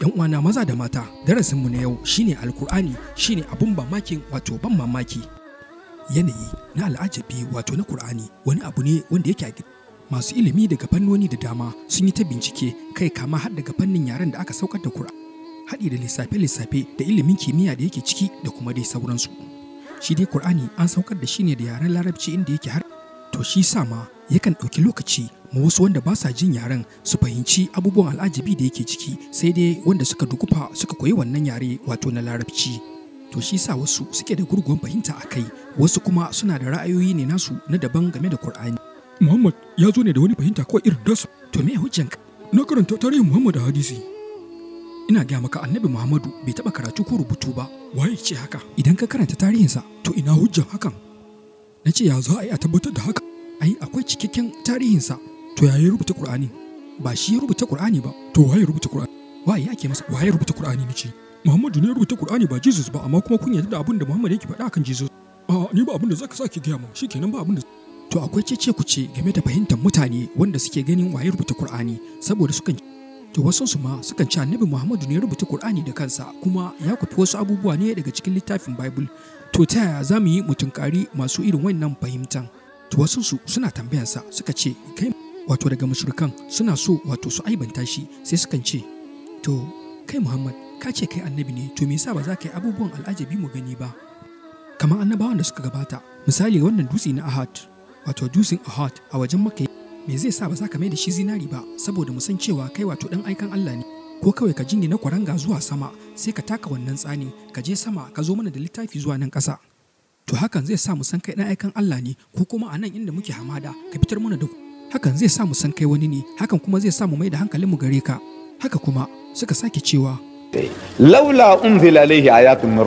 yan uwana maza da mata darasinmu na yau shine alkur'ani shine abun mamakin wato ban mamaki yanayi na al'ajabi wato na kur'ani wani abu ne wanda yake masu ilimi daga fannoni da dama sun yi ta bincike kai kama har daga fannin yaren da aka saukar da kura haɗi da lissafe-lissafe da ilimin kimiyya da yake ciki da kuma dai sauransu shi dai kur'ani an saukar da shi ne da yaren larabci inda yake har to shi sa ma yakan ɗauki lokaci ma wasu wanda ba sa jin yaren su fahimci abubuwan al'ajabi da yake ciki sai dai wanda suka dukufa suka koyi wannan yare wato na larabci to shi sa wasu suke da gurguwan fahimta a kai wasu kuma suna da ra'ayoyi ne nasu na daban game da Kur'ani. Muhammad ya zo ne da wani fahimta kawai irin dasu. To me hujjanka? Na karanta tarihin Muhammad a hadisi. Ina gaya maka Annabi Muhammadu bai taɓa karatu ko rubutu ba. Waye ce haka? Idan ka karanta tarihinsa, to ina hujjan hakan? Na ce ya za a yi a tabbatar da haka? ai akwai cikakken tarihinsa to ya yi rubuta qur'ani ba shi ya rubuta qur'ani ba to waye rubuta qur'ani waye yake masa waye rubuta qur'ani ce? muhammadu ne rubuta qur'ani ba jesus ba amma kuma kun yarda da abin da muhammad yake faɗa akan jesus a ni ba abin da zaka sake gaya min shikenan ba abin da to akwai cece ce game da fahimtar mutane wanda suke ganin waye rubuta qur'ani saboda sukan to wasu su ma sukan ci annabi muhammadu ne rubuta qur'ani da kansa kuma ya kwafi wasu abubuwa ne daga cikin littafin bible to ta yaya za mu yi mutunkari masu irin wannan fahimtar to wasu su suna tambayansa suka ce kai wato daga mashirkan suna so wato su aibanta shi sai sukan ce to kai muhammad ka ce kai annabi ne to me yasa ba za ka yi abubuwan al'ajabi mu gani ba kamar annabawan da suka gabata misali wannan dutse na ahad wato dutsen ahad a wajen maka me zai sa ba za ka mai da shi zinari ba saboda mu san cewa kai wato dan aikan allah ne ko kawai ka na kwaranga zuwa sama sai ka taka wannan tsani ka je sama ka zo mana da littafi zuwa nan ƙasa to hakan zai sa mu san kai ɗan aikan Allah ne ko kuma a nan inda muke hamada ka fitar mana duk hakan zai sa mu san kai wani ne hakan kuma zai sa mu mai da hankalinmu gare ka haka kuma suka sake cewa laula unzila alaihi ayatun min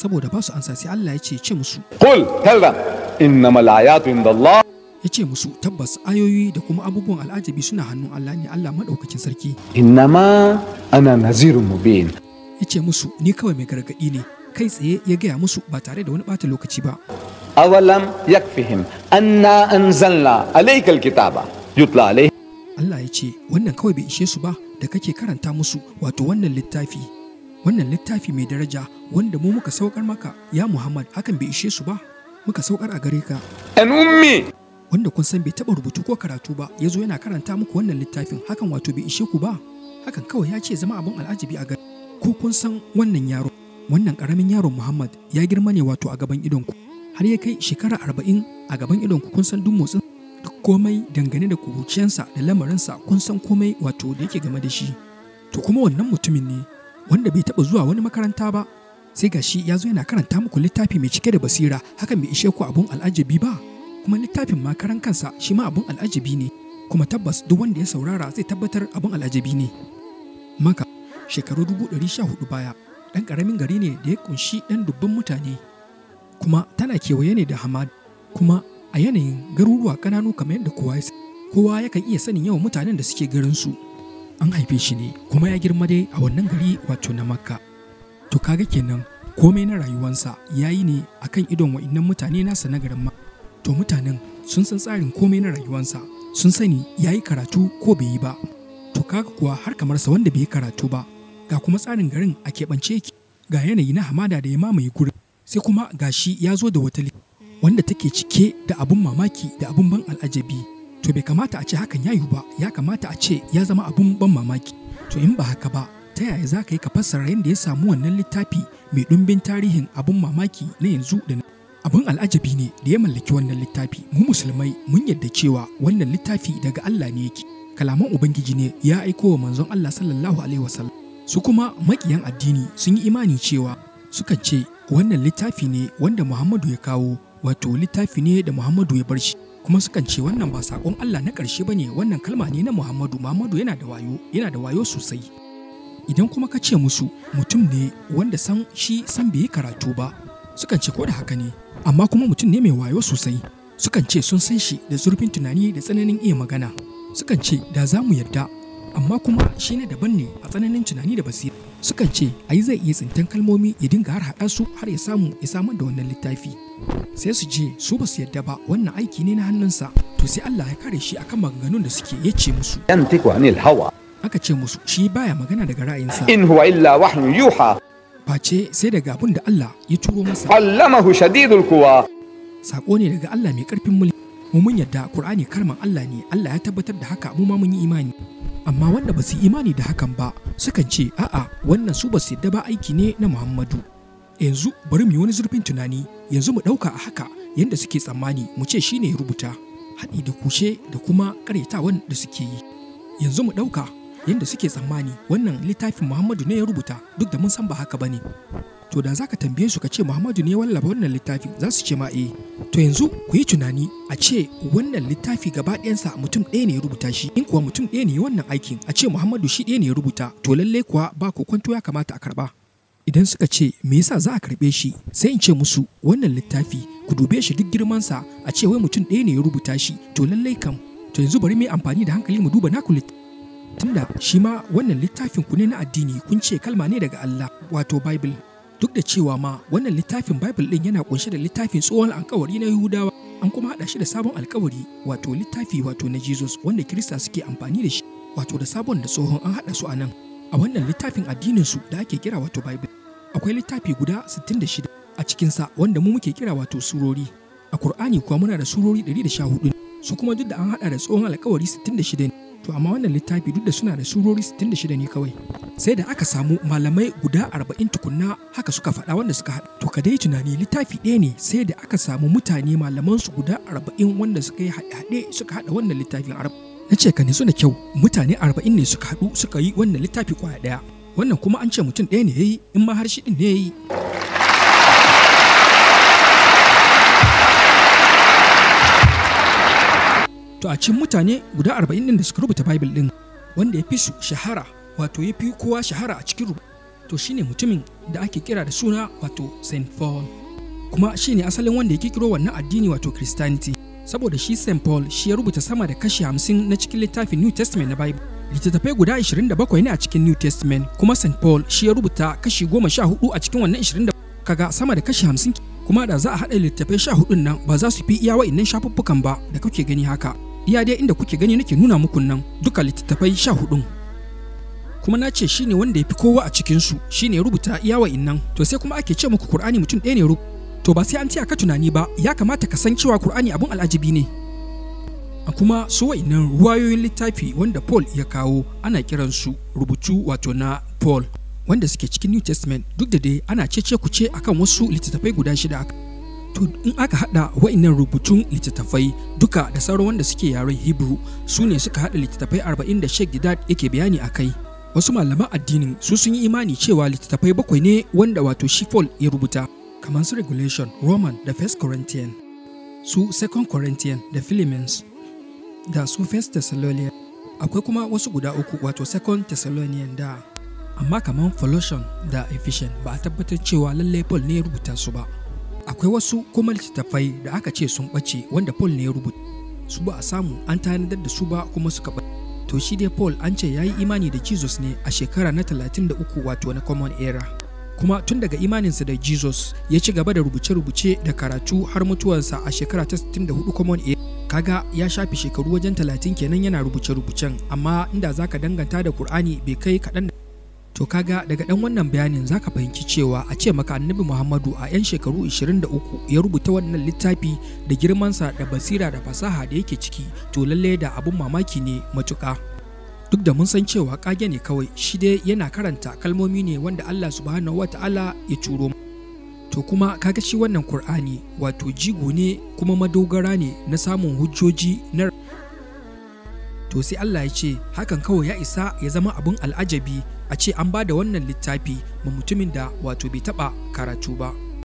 saboda ba su ansa sai Allah ya ce ce musu qul kalla innamal ayatu indallah ya ce musu tabbas ayoyi da kuma abubuwan al'ajabi suna hannun Allah ne Allah madaukakin sarki innama ana nazirun mubin ya ce musu ni kawai mai gargadi ne kai tsaye ya gaya musu ba tare da wani bata lokaci ba awalam yakfihim anna anzalna alaykal kitaba yutla alai. Allah ya ce wannan kawai bai ishe su ba da kake karanta musu wato wannan littafi wannan littafi mai daraja wanda mu muka saukar maka ya Muhammad hakan bai ishe su ba muka saukar a gare ka an ummi wanda kun san bai taba rubutu ko karatu ba ya zo yana karanta muku wannan littafin hakan wato bai ishe ku ba hakan kawai ya ce zama abin al'ajabi a gare ku kun san wannan yaro wannan ƙaramin yaron muhammad ya girma ne wato a gaban idon ku. har ya kai shekara arba'in a gaban idonku kun san duk motsin duk komai dangane da kuruciyansa da lamarinsa kun san komai wato da yake game da shi to kuma wannan mutumin ne wanda bai taɓa zuwa wani makaranta ba sai ga shi ya zo yana karanta muku littafi mai cike da basira hakan bai ishe ku abun al'ajabi ba kuma littafin ma karan kansa shi ma abun al'ajabi ne kuma tabbas duk wanda ya saurara zai tabbatar abun al'ajabi ne maka shekaru dubu ɗari sha hudu baya ɗan ƙaramin gari ne da ya kunshi ɗan dubban mutane kuma tana kewaye ne da hamad kuma a yanayin garuruwa ƙananu kamar yadda kowa kowa yakan iya sanin yawan mutanen da suke garin su an haife shi ne kuma ya girma dai a wannan gari wato na makka to kaga kenan komai na rayuwansa ya yi ne a kan idon wa'innan mutane nasa na garin to mutanen sun san tsarin komai na rayuwansa sun sani ya yi karatu ko bai yi ba to kaga kuwa har kamar sa wanda bai yi karatu ba ga kuma tsarin garin a keɓance yake ga yanayi na hamada da ya mamaye gurin sai kuma gashi ya zo da wata wanda take cike da abun mamaki da abun ban al'ajabi to bai kamata a ce hakan ya yiwu ba ya kamata a ce ya zama abun ban mamaki to in ba haka ba ta yaya za ka yi ka fassara yadda ya samu wannan littafi mai ɗumbin tarihin abun mamaki na yanzu da na abin al'ajabi ne da ya mallaki wannan littafi mu musulmai mun yadda cewa wannan littafi daga Allah ne yake kalaman ubangiji ne ya aiko wa manzon Allah sallallahu alaihi wasallam su kuma makiyan addini sun yi imani cewa suka ce wannan littafi ne wanda muhammadu ya kawo wato littafi ne da muhammadu ya bar shi kuma sukan ce wannan ba saƙon Allah na ƙarshe ba ne wannan kalma ne na Muhammadu Muhammadu yana da wayo yana da wayo sosai idan kuma ka ce musu mutum ne wanda san shi san bai yi karatu ba sukan ce ko da haka ne amma kuma mutum ne mai wayo sosai sukan ce sun san shi da zurfin tunani da tsananin iya magana sukan ce da za mu yarda amma kuma shi ne daban ne a tsananin tunani da basira sukan ce a yi zai iya tsintan kalmomi ya dinga har haɗa su har ya samu ya samar da wannan littafi sai su je su basu su yadda ba wannan aiki ne na hannunsa to sai Allah ya kare shi akan maganganun da suke ya ce musu hawa aka ce musu shi baya magana daga ra'ayinsa in huwa illa wahyu yuha face sai daga abin da Allah ya turo masa allamahu shadidul quwa sako ne daga Allah mai karfin mulki mu mun yadda Qur'ani karman Allah ne Allah ya tabbatar da haka mu ma mun yi imani amma wanda ba su imani da hakan ba sukan ce a'a wannan su ba su yadda ba aiki ne na muhammadu yanzu bari mu yi wani zurfin tunani yanzu mu ɗauka a haka yanda suke tsammani mu ce shine ya rubuta haɗi da kushe da kuma ƙaryatawan da suke yi yanzu mu ɗauka yadda suke tsammani wannan littafin muhammadu ne ya rubuta duk da mun san ba haka ba ne to da zaka tambaye su ka ce Muhammadu ne wallafa wannan littafi za su ce ma eh to yanzu ku yi tunani a ce wannan littafi gaba ɗayansa mutum ɗaya ne ya rubuta shi in kuwa mutum ɗaya ne wannan aikin a ce Muhammadu shi ɗaya ne ya rubuta to lalle kuwa ba ku kwanto ya kamata a karɓa idan suka ce me yasa za a karɓe shi sai in ce musu wannan littafi ku dube shi duk girman sa a ce wai mutum ɗaya ne ya rubuta shi to lallai kam to yanzu bari mu yi amfani da hankali mu duba naku tunda shi ma wannan littafin ku ne na addini kun ce kalma ne daga Allah wato Bible duk da cewa ma wannan littafin bible din yana kunshe da littafin tsohon alkawari na yahudawa an kuma haɗa shi da sabon alkawari wato littafi wato na jesus wanda kirista suke amfani da shi wato da sabon da tsohon an haɗa su a nan a wannan littafin addinin su da ake kira wato bible akwai littafi guda 66 a cikinsa wanda mu muke kira wato surori a kur'ani kuwa muna da surori 114 su kuma duk da an haɗa da tsohon alkawari 66 ne to amma wannan littafi duk da suna da surori 66 ne kawai sai da aka samu malamai guda 40 tukunna haka suka faɗa wanda suka haɗu. to ka dai tunani littafi ɗaya ne sai da aka samu mutane malaman su guda 40 wanda suka yi haɗe suka haɗa wannan littafin arab na ce ka ne da kyau mutane 40 ne suka haɗu suka yi wannan littafi kwaya ɗaya wannan kuma an ce mutum ɗaya ne yayi in ma har shi ɗin ne yi. to a cikin mutane guda arba'in ɗin da suka rubuta bible ɗin wanda ya fi su shahara wato ya fi kowa shahara a cikin rubutu to shine mutumin da ake kira da suna wato St. Paul. Kuma shine asalin wanda ya kikiro wannan addini wato Christianity. Saboda shi St. Paul shi ya rubuta sama da kashi hamsin na cikin littafin New Testament na Bible. Littattafai guda 27 ne a cikin New Testament kuma St. Paul shi ya rubuta kashi goma sha hudu a cikin wannan 20 kaga sama da kashi hamsin kuma da za a haɗa littattafai sha hudun nan ba za su fi iya wa'innan shafuffukan ba da kake gani haka. iya dai inda kuke gani nake nuna muku nan duka littattafai sha hudun kuma na ce shine wanda ya fi kowa a cikinsu shine rubuta iya innan to sai kuma ake ce muku Kur'ani mutum ɗaya ne rub to ba sai an ce aka tunani ba ya kamata ka san cewa Kur'ani abun al'ajibi ne a kuma su wa'innan ruwayoyin littafi wanda Paul ya kawo ana kiransu rubutu wato na Paul wanda suke cikin New Testament duk da dai ana cece ku ce akan wasu littattafai guda shida to in aka haɗa wa'innan rubutun littattafai duka da sauran wanda suke yaren hebrew su ne suka hada littattafai arba'in da sheikh gidad yake bayani a kai wasu malaman addinin su sun yi imani cewa littattafai bakwai ne wanda wato shi ya rubuta kamar su regulation roman da first corinthian su second corinthian da philemmons da su first thessalonian akwai kuma wasu guda uku wato second thessalonian da amma kamar Pholossian da Ephesian ba a tabbatar cewa lallai Paul ne ya rubuta su ba. akwai wasu kuma littattafai da aka ce sun ɓace wanda paul ne ya rubuta su ba a samu an tanadar da su ba kuma suka ɓace to shi dai paul an ce ya yi imani da jesus ne a shekara na 33 wato na common era kuma tun daga imaninsa da jesus ya ci gaba da rubuce-rubuce da karatu har mutuwarsa a shekara ta 64 common era kaga ya shafi shekaru wajen 30 kenan yana rubuce-rubucen amma inda zaka danganta da kur'ani bai kai kaɗan da to kaga daga ɗan wannan bayanin zaka fahimci cewa a ce maka annabi muhammadu a 'yan shekaru 23 ya rubuta wannan littafi da girmansa da basira da fasaha da yake ciki to lalle da abun mamaki ne matuƙa duk da mun san cewa kage ne kawai shi dai yana karanta kalmomi ne wanda allah subhanahu wata'ala ya turo to kuma kaga shi wannan kur'ani wato jigo ne kuma madogara ne na samun hujjoji na to sai allah ya ce hakan kawai ya isa ya zama abin al'ajabi a ce an ba da wannan littafi ma mutumin da wato bai taɓa karatu ba